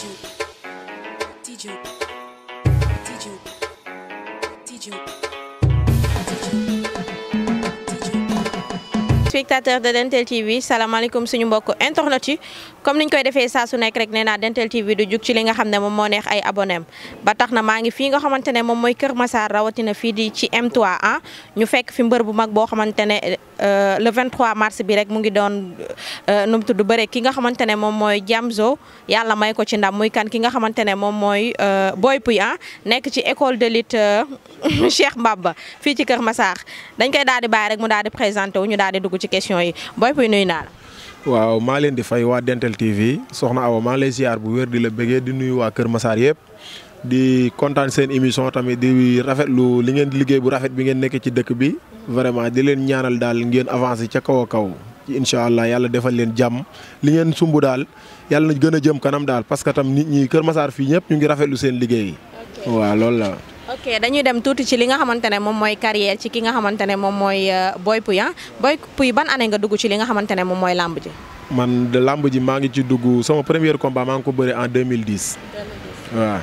spectateurs de Dentel TV salam alaykum suñu mbokk internet yi comme niñ koy defee sa su nek rek néna Dentel TV du juk ci li nga xamné mom mo neex ay abonnés ba taxna ma ngi fi nga xamante mom moy mooy massa rawati na fi di ci M3A ñu fekk fi mbeur bu mag bo xamante Euh, le 23 mars bi rek mu ngi doon euh, nu mu tudd bëre ki nga xamante ne moom mooy Jamzo yàlla may ko ci ndam muy kan ki nga xamante ne moom mooy euh, Boy Pouye ah nekk ci école de lutte Cheikh ba fii ci Kër Massar dañ koy daal di bàyyi rek mu daal di présenté wu ñu daal di dugg ci question yi Boy Pouye nuyu naa la. waaw maa leen di fay waa Dental TV soxna Awa maa ngi lay bu wér di la bëggee di nuyu waa Kër Massar yëpp. di kontaan seen émission tamit di rafetlu li ngeen liggéey bu rafet bi ngeen nekk ci dëkk bi vraiment di leen ñaanal daal ngeen avancé ca kaw a kaw ci incha allah yàlla defal leen jàmm li ngeen sumb daal yàlla na gën a jëm kanam daal parce que tam nit ñi Kër masaar fii ñëpp ñu ngi rafetlu seen liggéey. waaw loolu la. ok dañuy dem tuuti ci li nga xamante ne moom mooy carrière ci ki nga xamante ne moom mooy euh, Boy Pouye ah Boy Pouye ban année nga dugg ci li nga xamante ne moom mooy làmb ji. man de làmb ji maa ngi ci dugg sama premier combat maa ngi ko bëri en 2010. 2010 waaw.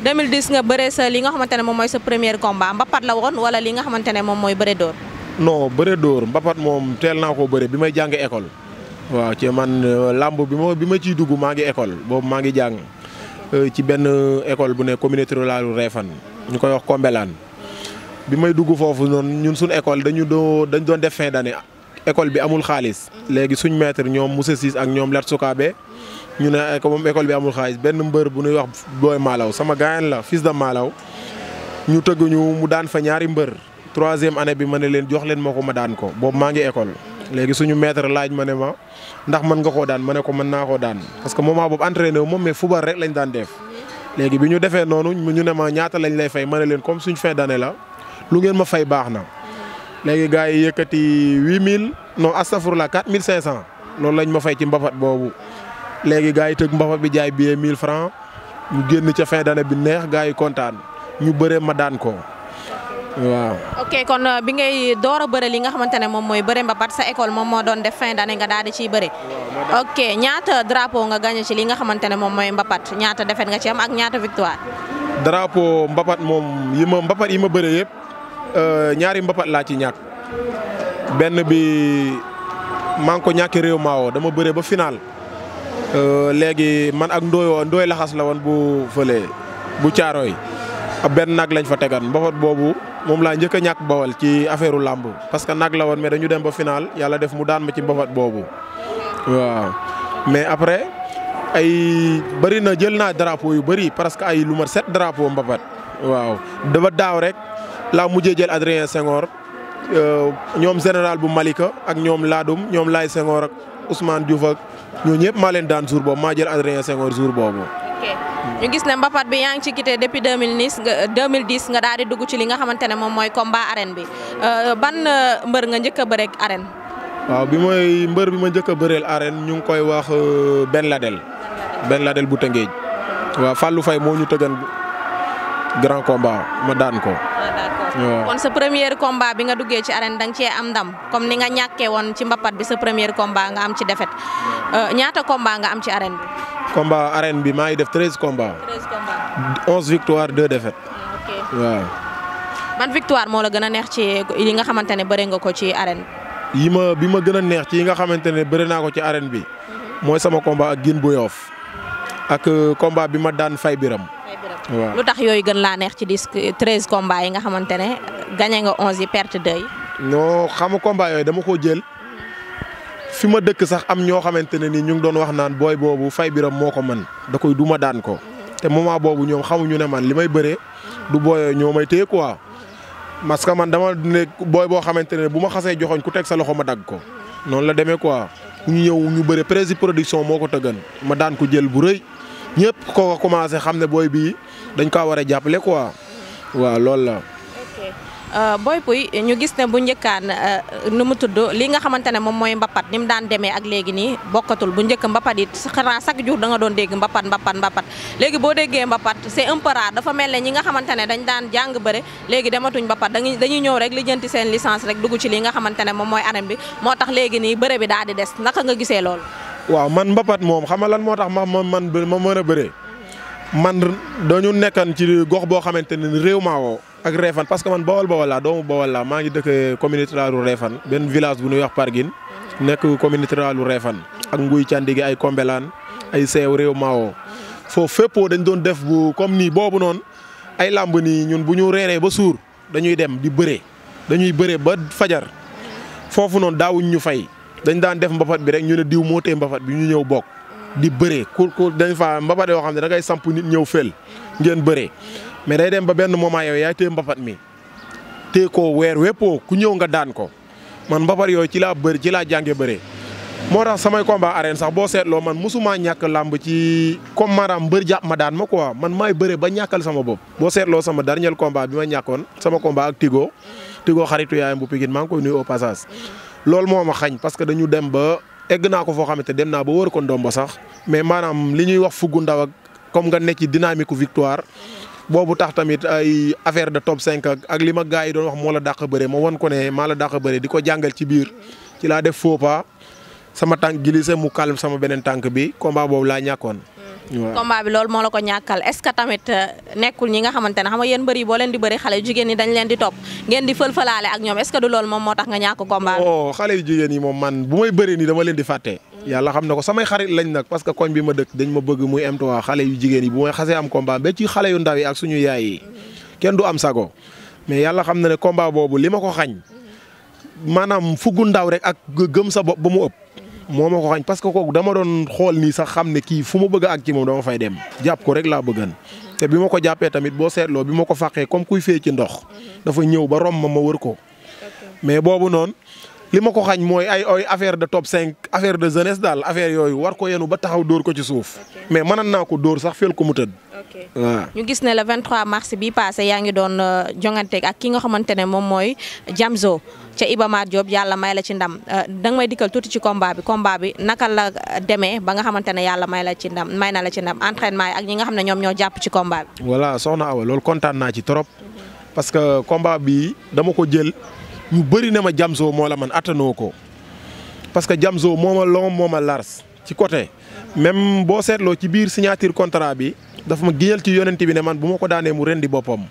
2010 nga bëree sa li nga xamante ne moom mooy sa premier combat mbapat la woon wala li nga xamante ne moom mooy bëre dóor. non bëre dóor mbapat moom teel naa ko bëre bi may jàng école. waaw ci man euh, làmb bi ma bi ma ciy dugg maa ngi école boobu maa ngi jàng euh, ci benn euh, école bu ne communauté rurale Réfane ñu koy wax Kombelaan bi may dugg foofu noonu ñun suñ école dañu doo dañ doon def fin d'année école bi amul xaalis mm-hmm. léegi suñ maître ñoom Moussa Cissé ak ñoom Lat Soukabe ñu ne ko eh, moom école bi amul xaalis benn mbër bu ñuy wax booy Malaw sama gaayan la fils de Malaw ñu tëgguñu mu daan fa ñaari mbër troisième année bi ma ne leen jox leen ma ko ma daan ko boobu maa ngi école. léegi suñu maître laaj ma ne ma ndax mën nga koo daan ma ne ko mën naa koo daan parce que moment boobu entraîné wu moom mais football rek lañ daan def. léegi bi ñu defee noonu ñu ne ma ñaata lañ lay fay ma ne leen comme suñu fin d'année la lu ngeen ma fay baax na. léegi gars yi yëkkati 8000 non astafurla 4500 loolu lañ ma fay ci mbapat boobu. Lagi gaay yi mbafa bi jaay bi 1000 francs ñu genn ci fin d'année bi neex gaay contane ñu bëré ma daan ko waaw. oké kon euh, bi ngay doora mantan li nga xamantene mom moy bëré bëre mbapat sa école mom mo doon def fin d'année nga daal di bëré oké ñaata drapeau nga gagné ci li nga xamantene mom moy mooy mbapat ñaata défet nga ci am ak ñaata victoire. drapeau mbapat mom yima mbapat yima bëré yépp euh ñaari mbapat la ci benn bi ko ñaké réew maawo dama bëré ba final. Euh, léegi man ak ndooyoo ndooy laxas la woon bu fële bu caaro yi benn nag lañ fa tegan mbapat boobu moom laa njëkk a ñàkk bawal ci affaire u làmb parce que nag la woon mais dañu dem ba finaal yàlla def mu daan ma ci mbapat boobu waaw mais après ay bëri na jël naa drapeau yu bëri parce que ay lu mat sept drapeau mbapat waaw dafa daaw rek laa mujjee jël Adrien Senghor euh, ñoom général bu Malika ak ñoom Laadum ñoom Laay sengoor ak Ousmane Diouf ñoo ñëpp maa leen daan jour boobu maa jël Adrien Senghor jour boobu. ok ñu gis ne mbapat bi yaa ngi ci quitté depuis 2010 nga 2010 nga daal di dugg ci li nga xamante ne moom mooy combat arène bi euh, ban euh, mbër nga njëkk a bëreeg arène. waaw bi mooy mbër bi ma njëkk a bëreel arène ñu ngi koy wax euh, Ben Ladel. Ben Ladel bu Tëngéej. waaw Fallou Faye moo ñu tëggan grand combat ma daan ko. kon sa premier combat bi nga duggé ci arène dang ci am ndam comme ni nga ñaké won ci mbapat bi sa premier combat nga am ci défaite euh ñaata combat nga am ci arène bi. combat arène bi maa def 13 combat 13 combat 11 victoires 2 défaites. Ah, ok waaw. ban victoire mo la gëna neex ci yi nga xamantene béré nga ko ci arène. yi ma bi ma gën neex ci yi nga xamantene béré na ko ci arène bi. moy mhm. sama combat ak Gine boyof ak combat eh, bi ma daan fay biram lu tax yooyu gën laa neex ci dis treize combats yi nga xamante ne gagné nga onze yi perte deux yi. non xam nga dama koo jël fi ma dëkk sax am ñoo xamante ne ni ñu ngi doon wax naan booy boobu fay biram moo ko man da koy ma daan ko te moment boobu ñoom xamuñu ne man li may bëree du booyoo ñoo may téye quoi parce que man dama ne booy boo xamante ne bu ma xasee joxoñ ku teg sa loxo ma dagg ko noonu la demee quoi ñu ñëw ñu bëre prési production moo ko tëggan ma daan ko jël bu rëy. ñëpp ko commencé xam ne booy bii dañ kaa war a jàppale quoi waaw loolu la. Euh, Boy Pouye ñu gis ne bu njëkkaan euh, nu mu tudd li nga xamante moom mooy mbapat ni daan demee ak léegi nii bokkatul bu njëkk mbapat it xanaa chaque jour da nga doon dégg mbapat mbapat mbapat léegi boo déggee mbapat c'est un peu rare dafa mel ne ñi nga xamante ne dañ daan jàng bëre léegi dematuñ mbapat dañuy dañuy ñëw rek lijjanti seen licence rek dugg ci li nga xamante ne moom mooy arène bi moo tax léegi nii bëre bi daal di des naka nga gisee waaw man mbapat moom xam nga lan moo tax ma ma man ma mën a bëree man dañu nekkaan ci gox boo xamante ne réew maa woo ak Réfane parce que man bawal bawal laa doomu bawal laa maa ngi dëkk communauté rurale Réfane benn village bu ñuy wax Parguine nekk communauté rurale Réfane ak nguy candigi ay kombelaan ay seew réew maa woo foofu féppoo dañ doon def bu comme nii boobu noon ay làmb nii ñun bu ñu reeree ba suur dañuy dem di bëree dañuy bëree ba fajar foofu noonu daawuñ ñu fay dañ daan def mbafat bi rek ñu ne diw mo tay mbafat bi ñu ñew bok di beure ko ko dañ fa mbafat yo xamne da ngay samp nit ñew fel ngeen beure mais day dem ba benn moment yow yaay tay mbafat mi téye ko weer wéppoo ku ñew nga daan ko man mbafat yo ci la beur ci la jangé beure mo tax samay combat arène sax boo lo man musuma ñak lamb ci comme maram beur japp ma daan ma quoi man may beure ba ñakal sama bo bo lo sama dernier combat bima ñakone sama combat ak Tigo Tigo xaritu yaay mbu pigine maa ngi koy nuyu au passage loolu moo ma xañ parce que dañu dem ba egg naa ko foo xamante dem naa ba wër ko ba sax mais maanaam li ñuy wax fuggu ndaw ak comme nga nekk ci dynamique victoire boobu tax tamit ay affaire de top cinq ak li ma gars yi doon wax moo la dàq bëre ma wan ko ne maa la dàq bëre di ko jàngal ci biir ci laa def faux pas sama tànk glissé mu calme sama beneen tànk bi combat boobu laa ñàkkoon. combat bi loolu moo la ko ñàkkal est ce que tamit euh, nekkul ñi nga xamante ne xam nga yéen mbër yi boo leen di bëri xale jigéen ñi dañ leen di topp ngeen di fël-fëlaale ak ñoom est ce que du loolu moom moo tax nga ñàkk combat bi oh, xale yu jigéen yi bu may leen di fàtte mm. yàlla xam na ko samay xarit lañ nag parce que koñ bi ma dëkk dañ ma bëgg muy M3 xale yu jigéen yi bu may xasee am combat ba ci xale yu ndaw yi ak suñu yaay yi mm. kenn du am sago mais yàlla xam na ne combat boobu li ko xañ mm. maanaam fuggu ndaw rek ak gëm sa bopp ba mu ëpp moo ma ko xañ parce que kooku dama doon xool nii sax xam ne kii fu ma bëgg ak àgg ci moom dama fay dem jàpp ko rek laa bëggan te bi ma ko jàppee tamit boo seetloo bi ma ko fàqee comme kuy fee ci ndox dafa ñëw ba rom ma ma wër ko mais boobu noon li ma ko xañ mooy ay ay affaire de top 5 affaire de jeunesse daal affaire yooyu war ko yenu ba taxaw dóor ko ci suuf. mais mënan naa ko dóor sax fel ko mu ñu gis ne le 23 mars bi passé yaa ngi doon euh, jongante ak ki nga xamante ne moom mooy Jamzo ca Ibamar Diop yàlla may la ci ndam euh, danga may dikkal tuuti ci combat bi combat bi naka la demee ba nga xamante ne yàlla may la ci ndam may na la ci ndam entraînement yi ak ñi nga xam ne ñoom ñoo jàpp ci combat bi. voilà soxna Awa loolu kontaan naa ci trop. Mhm. ñu bëri na ma Jamzo moo la man attanoo ko parce que Jamzo moo ma long moo ma lars ci côté même boo seetloo ci biir signature contrat bi dafa ma giñal ci yonent bi ne man bu ma ko daanee mu rendi boppam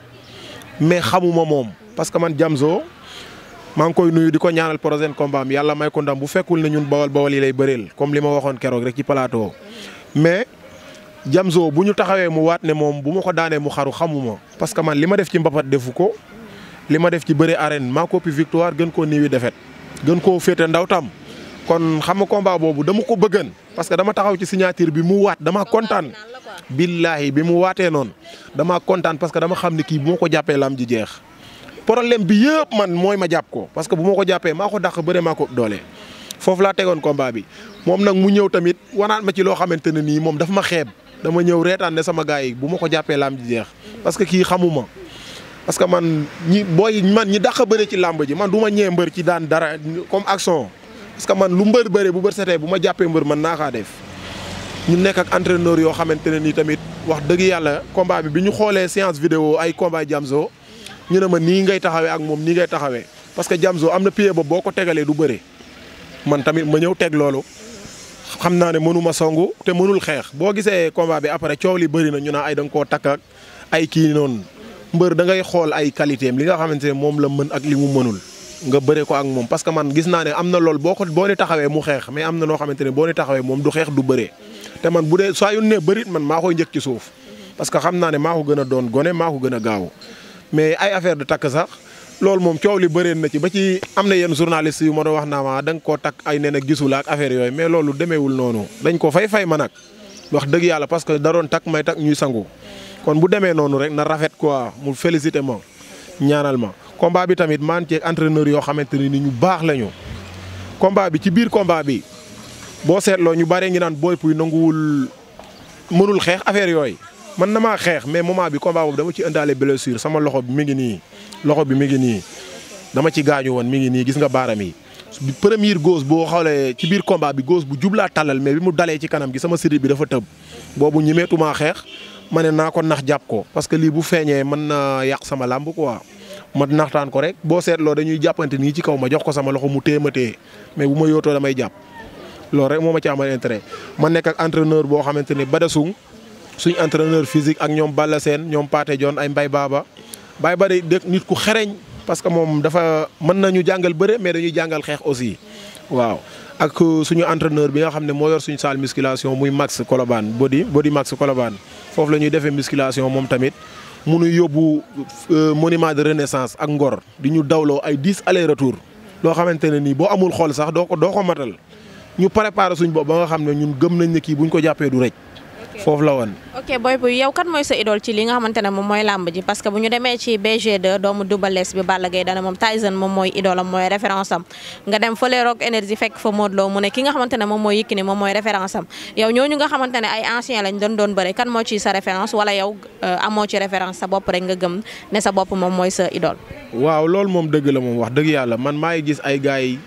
mais xamuma moom parce que man Jamzo maa ngi koy nuyu di ko ñaanal prochain combat yàlla may ko ndam bu fekkul ne ñun bawal bawal yi lay bëreel comme li ma waxoon keroog rek ci plateau mais Jamzo bu ñu taxawee mu waat ne moom bu ma ko daanee mu xaru xamuma parce que man li ma def ci mbapat defu ko li ma def ci bëre arène maa ko ëpp victoire gën koo niiwi defet gën koo féete ndaw tam kon xam ma combat boobu dama ko bëggan parce que dama taxaw ci signature bi mu waat dama kontaan billahi bi mu waatee noonu dama kontaan parce que dama xam ne kii bu ma ko jàppee laam ji jeex problème bi yëpp man mooy ma jàpp ko parce que bu ma ko jàppee maa ko dàq bëre maa ko doole foofu laa tegoon combat bi moom nag mu ñëw tamit wanaat ma ci loo xamante ne nii moom dafa ma dama ñëw reetaan sama gars yi ma ko jàppee lam ji jeex que kii xamuma parce que man ñi booy man ñi dàq bëre ci làmb ji man du ma ñee mbër ci daan dara comme action parce que man lu mbër bëre bu bër setee bu ma jàppee mbër man naakaa def ñu nekk ak entraîneur yoo xamante ne nii tamit wax dëgg yàlla combat bi bi ñu xoolee séance vidéo ay combat Jamzo ñu ne ma nii ngay taxawee ak moom nii ngay taxawee parce que Jamzo am na pied ba boo ko tegalee du bëre man tamit ma ñëw teg loolu xam naa ne mënuma ma songu te mënul xeex boo gisee combat bi après coow li bëri na ñu naan ay da nga koo takk ak noonu mbër da ngay xool ay qualité li nga xamante ne moom la mën ak li mu mënul nga bëre ko ak moom parce que man gis naa ne am na lool boo ko boo ni taxawee mu xeex mais am na noo xamante ne boo ni taxawee moom du xeex du bare te man bu dee saa yu ne bërit man maa koy njëkk ci parce que xam naa ne maa ko gën a doon gone maa ko gaaw mais ay affaire de takk sax loolu moom coow li bëreen na ci ba ci am na yenn journaliste yu ma doon wax naa ma da nga koo takk ay nen ak gisula ak affaire yooyu mais loolu demeewul noonu dañ ko fay fay ma nag wax dëgg yàlla parce que daroon takk may takk ñuy sangu kon bu demee noonu rek na rafet quoi mu félicité ma ñaanal ma combat bi tamit maan ci entraîneur yoo xamante ni ñu baax la ñu. bi ci biir combat bi boo seetloo ñu bare ngi naan Boy Pouye nanguwul mënul xeex affaire yooyu man na maa xeex mais moment bi combat boobu dama ci indaale blessure sama loxo bi mi ngi nii loxo bi mi ngi nii dama ci gaañu woon mi ngi nii gis nga baaram yi. première gos boo xoolee ci biir combat bi gauche bu jublaa tàllal mais bi mu dalee ci kanam gi sama série bi dafa tëb boobu ñemeetumaa xeex. ma ne naa ko nax jàpp ko parce que lii bu feeñee mën na yàq sama làmb quoi ma naxtaan ko rek boo seetloo dañuy jàppante nii ci kaw ma jox ko sama loxo mu téye ma téye mais bu ma yootoo damay jàpp loolu rek moo ma ci amal intérêt ma nekk ak entraîneur boo xamante ne Badasung suñ entraîneur physique ak ñoom Balla seen ñoom paate Dione ay Mbay Baaba Baye Ba de dëkk nit ku xereñ parce que moom dafa mën nañu jàngal bëre mais dañuy jàngal xeex aussi waaw ak suñu entraîneur bi nga xam ne moo yor suñu salle musculation muy Max Colobane body body Max Colobane foofu lañuy defee musculation moom tamit munu yóbbu euh, moniment de renaissance ak Ngor di ñu dawloo ay dix aller retour loo xamante ne nii boo amul xool sax doo ko doo ko matal ñu préparé suñ bopp ba nga xam ne ñun gëm nañ ne kii buñ ko jàppee du rek fof la won ok boy boy yow kan moy sa idole ci li nga xamantene mom moy lamb ji parce que buñu démé ci BG2 doomu doubles bi Balla Gaye dana mom Tyson mom moy idole moy référence am nga dem fële Rock energy fek fa Modou Lo mu ne ki nga xamantene mom moy yikini mom moy référence am yow ñooñu nga xamantene ay ancien lañ doon doon bëre kan mo ci sa référence wala yow euh, amo ci référence sa bop rek nga gëm né sa bop mom moy sa idole. waaw lool mom deug la mom wax deug yalla man maa gis ay gaay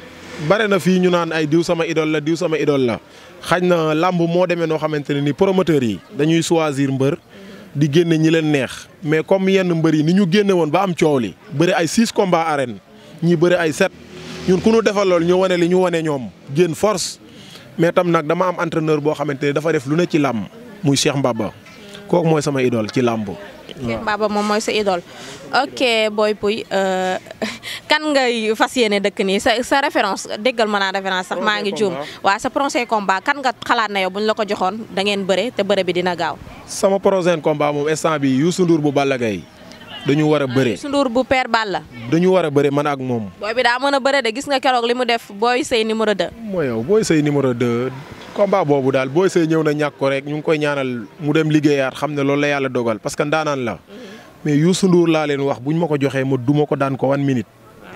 bare na fi ñu naan ay diw sama idol la diw sama idol la xañ na làmb mo demee noo xamante ni promoteur yi dañuy choisir mbeur di génné ñi leen neex mais comme yenn mbeur yi ni ñu génné won ba am ciowli li ay 6 combats arène ñi bëri ay 7 ñun ku ñu defal lool ñu wone li ñu wone ñom génn force mais tam nak dama am entraîneur bo xamanteni dafa def lu ne ci lamb muy Cheikh Mbaba kok moy sama idol ci lamb Keek Baba moom mooy sa idole ok Boy Pouye euh, kan ngay fas yéene dëkk nii sa sa référence déggal ma naa référence sax maa ngi juum waa sa prochain combat kan nga xalaat na yow bu ñu la ko joxoon da ngeen bëre te bëre bi dina gaaw sama prochain combat moom instant bi Youssou Ndour bu Balla Gaye dañu war a bëre Youssou Ndour bu Père Balla dañu war a bëre man ak moom booy bi daa mën a bëre de gis nga keroog li mu def Boy Sey numéro 2 mooy yow Boy Sey numéro 2 combat boobu daal Boy Seye ñëw na ñàkk ko rek ñu ngi koy ñaanal mu dem liggéeyaat xam ne loolu la yàlla dogal parce que ndaanaan la mm-hmm. mais Youssou Ndour laa leen wax bu ñu ma ko joxee ma duma ko daan ko wan minute.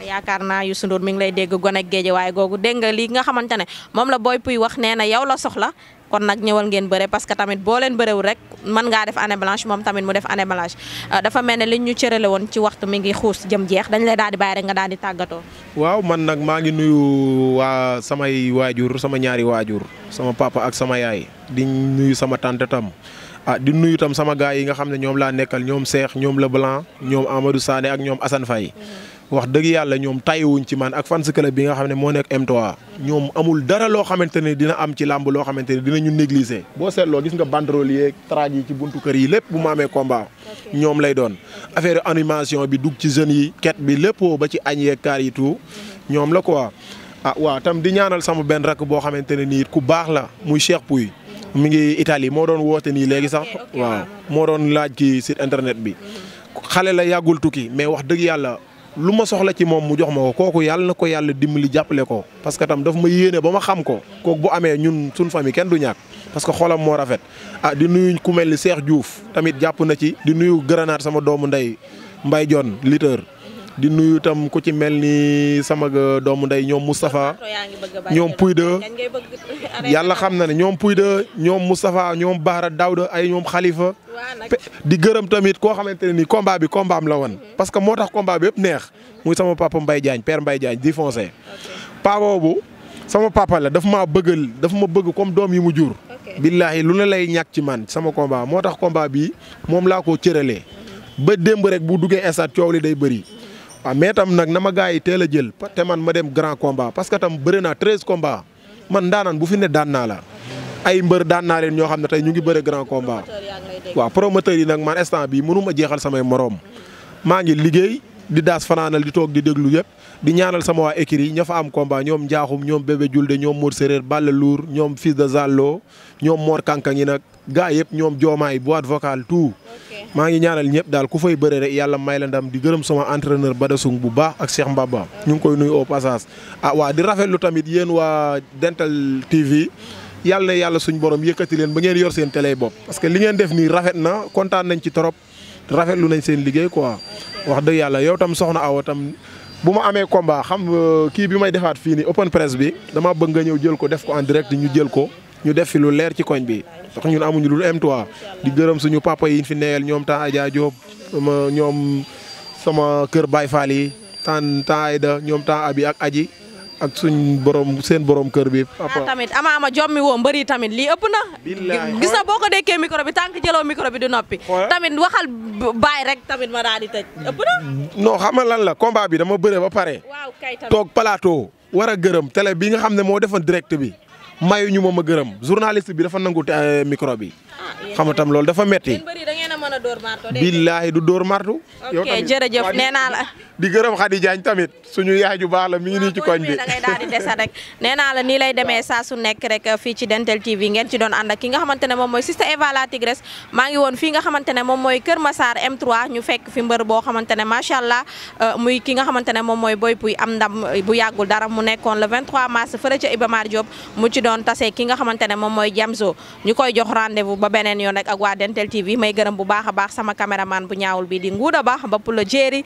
yaakaar naa Youssou Ndour mi ngi lay dégg gone ak géej waaye googu dégg nga li nga xamante ne moom la Boy Pouy wax nee na yow la soxla kon nag ñëwal ngeen bëre parce que tamit boo leen bërewul rek mën ngaa def année blanche moom tamit mu def année blanche euh, dafa mel ne liñ ñu cërale woon ci waxtu mi ngi xuus jëm jeex dañ lay daal nga daal di waaw man nag maa ngi nuyu waa samay waajur sama ñaari waajur sama papa ak sama yaay di nuyu sama tante tam. ah di nuyu tam sama gaay yi nga xam ne ñoom laa nekkal ñoom Cheikh ñoom Leblanc ñoom Amadou Sané ak ñoom Assane Faye. Mm-hmm. wax dëgg yàlla ñoom tàyyiwuñ ci man ak fans club bi nga xam ne moo nekk m ñoom amul dara loo xamante ne dina am ci làmb loo xamante ne dinañu négliger boo seetloo gis nga banderole yeeg traag yi ci buntu kër yi lépp bu ma amee combat ñoom lay doon affaire animation bi dugg ci jeunes yi ket bi lépp ba ci añ yeeg kaar yi tout ñoom la ko ah waaw tam di ñaanal sama benn rakk boo xamante ne nii ku baax la muy Cheikh Pouy mu ngi Italie moo doon woote nii léegi sax moo doon laaj ci site internet bi lu ma soxla ci moom mu jox ma ko kooku yàlla na ko yàlla dimbali jàppale ko parce que tam daf ma yéene ba ma xam ko kook bu amee ñun suñ famille kenn du ñàkk parce que xolam moo rafet ah di nuyu ku mel ni Cheikh Diouf tamit jàpp na ci di nuyu grenade sama doomu ndey Mbay Jon liteur di nuyu tam ku ci mel ni sama doomu ndey ñoom Moustapha ñoom Pouy de yàlla xam na ne ñoom Pouy de ñoom Moustapha ñoom Baara Daouda ay ñoom xalifa di gërëm tamit koo xamante ne nii combat bi combat la woon mm-hmm. parce que moo tax combat bi yëpp neex muy sama papa Mbaye Diagne père Mbaye Diagne di foncé paa sama papa la dafa maa bëggal dafa ma bëgg comme doom yi mu jur. billaahi lu ne lay ñàkk ci man sama combat moo tax combat bi moom laa ko cëralee. Mm-hmm. ba démb rek bu duggee esat coow li day bëri. Mm-hmm. waa mais tam nag na ma gaa yi teel a jël te man ma dem grand combat parce que tam bëri naa treize combat man daanaan bu fi ne daan naa la. ay mbër daan naa leen ñoo xam ne tey ñu ngi bëre grand combat waaw promoteurs yi nag man instant bii mënuma jeexal samay moroom maa ngi liggéey di daas fanaanal di toog di déglu yëpp di ñaanal sama waa écurie yi ña fa am combat ñoom njaaxum ñoom bébé julde ñoom Mor Séréer Balla Lour ñoom fils de Zallo ñoom Mor Kankang yi nag gaa yëpp ñoom joomaay boîte vocale tout maa ngi ñaanal ñëpp daal ku fay bëre rek yàlla may la ndam di gërëm sama entraîneur Badasung bu baax ak Cheikh ñu ngi koy nuyu au ah rafetlu tamit yéen waa Dental TV yàlla yàlla suñ borom yëkkati leen ba ngeen yor seen télé bopp. parce que li ngeen def nii rafet na kontaan nañ ci trop rafetlu nañ seen liggéey quoi wax dëgg yàlla yow tam soxna Awa tam bu ma amee combat xam kii bi may defaat fii nii open press bi dama bëgg nga ñëw jël ko def ko en direct ñu jël ko. ñu def fi lu leer ci koñ bi ndax ñun amuñu lu M3 di gërëm suñu papa yi fi neyal ñoom temps Adja Diop ñoom sama kër Baye Fall yi temps temps Aïda ñoom temps Abi ak Aji ak suñ borom seen borom kër bi. Ah, tamit ama ama jommi woo mbëri tamit lii ëpp na. gis boo ko dékkee micro bi tànk jëloo micro bi du noppi. tamit waxal baay rek tamit ma daal di tëj ëpp na. non xam a lan la combat bi dama bëre ba pare. waaw toog plateau. war a gërëm télé bi nga xam ne moo defoon direct bi. mayuñu ma a gërëm journaliste bi dafa nangu euh, micro bi. Ah, xam nga tam loolu dafa metti. billaahi du dóor martu. yow tamit jërëjëf nee naa la. di gërëm Khady Diagne tamit suñu yaay ju baax la mi ngi nii ci koñ bi da daal di desa rek nee la nii lay demee saa su nekk rek uh, fii ci Dental TV ngeen ci doon ànd ki nga xamante ne moom mooy Sister Eva la Tigresse maa ngi woon fii nga xamante ne mooy Kër Massar m ñu fekk fi mbër boo xamante ne macha allah uh, muy ki nga xamante ne moom mooy Boy Pouye am dam uh, bu yàggul dara mu nekkoon le 23 mars fële ca Iba Mar Diop mu ci doon tase ki nga xamante ne mooy Jamzo ñu koy jox rendez-vous ba beneen yoon rek ak waa Dental TV may gërëm bu baax a baax sama caméraman bu ñaawul bi di baax a baax ba pula